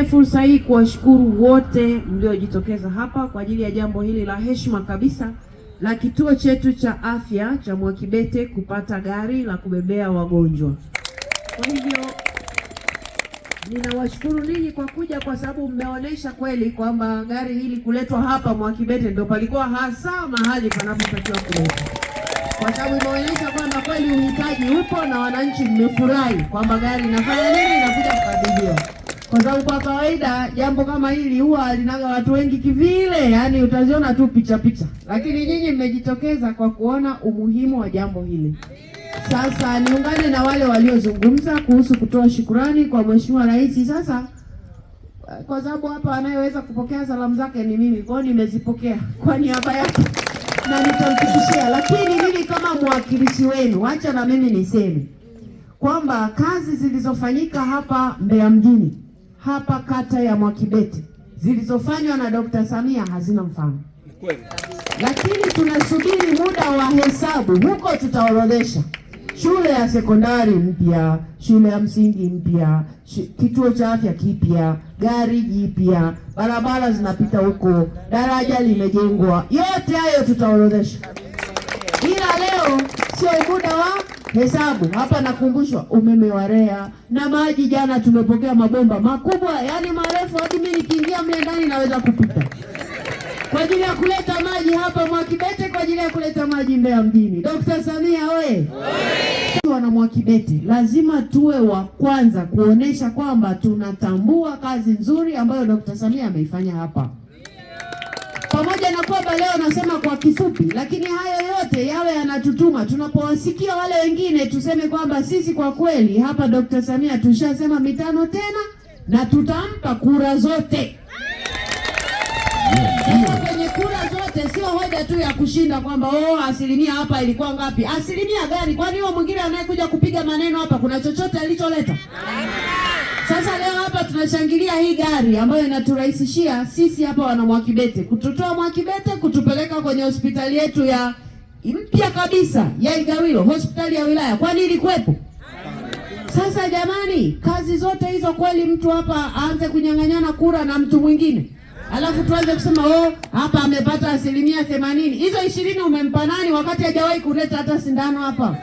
Nitumie fursa hii kuwashukuru wote mliojitokeza hapa kwa ajili ya jambo hili la heshima kabisa la kituo chetu cha afya cha Mwakibete kupata gari la kubebea wagonjwa. Kwa hivyo ninawashukuru ninyi kwa kuja, kwa sababu mmeonyesha kweli kwamba gari hili kuletwa hapa Mwakibete ndio palikuwa hasa mahali panapotakiwa kuletwa, kwa sababu imeonyesha kwamba kweli uhitaji upo na wananchi mmefurahi kwamba gari inafanya nini, inakuja kukabidhiwa kwa sababu kwa kawaida jambo kama hili huwa linaga watu wengi kivile, yani utaziona tu picha picha, lakini nyinyi mmejitokeza kwa kuona umuhimu wa jambo hili. Sasa niungane na wale waliozungumza kuhusu kutoa shukurani kwa Mheshimiwa Rais. Sasa kwa sababu hapa anayeweza kupokea salamu zake ni mimi, kwao nimezipokea kwa niaba yake na nitamfikishia, lakini mimi kama mwakilishi wenu, wacha na mimi niseme kwamba kazi zilizofanyika hapa Mbeya mjini hapa kata ya Mwakibete zilizofanywa na Dr. Samia hazina mfano, lakini tunasubiri muda wa hesabu. Huko tutaorodhesha shule ya sekondari mpya, shule ya msingi mpya, kituo cha afya kipya, gari jipya, barabara zinapita huko, daraja limejengwa. Yote hayo tutaorodhesha, ila leo sio muda wa hesabu hapa, nakumbushwa umeme wa REA na maji. Jana tumepokea mabomba makubwa, yaani marefu, hadi mimi nikiingia mle ndani naweza kupita kwa ajili ya kuleta maji hapa Mwakibete, kwa ajili ya kuleta maji Mbeya mjini. Dkt. Samia oye! Wana Mwakibete, lazima tuwe wa kwanza kuonesha kwamba tunatambua kazi nzuri ambayo Dkt. Samia ameifanya hapa. Lukwamba leo nasema kwa kifupi, lakini hayo yote yawe yanatutuma tunapowasikia wale wengine, tuseme kwamba sisi kwa kweli hapa Dr. Samia tushasema mitano tena na tutampa kura zote. kwenye kura zote sio hoja tu ya kushinda kwamba oh, asilimia hapa ilikuwa ngapi, asilimia gani? Kwani huyo mwingine anayekuja kupiga maneno hapa kuna chochote alicholeta? Sasa leo hapa tunashangilia hii gari ambayo inaturahisishia sisi hapa wana Mwakibete kututoa Mwakibete kutupeleka kwenye hospitali yetu ya mpya kabisa ya Igawilo, hospitali ya wilaya, kwani ilikuwepo? Sasa jamani, kazi zote hizo kweli mtu hapa aanze kunyang'anyana kura na mtu mwingine, alafu tuanze kusema oh, hapa amepata asilimia themanini. Hizo ishirini umempa nani wakati hajawahi kuleta hata sindano hapa?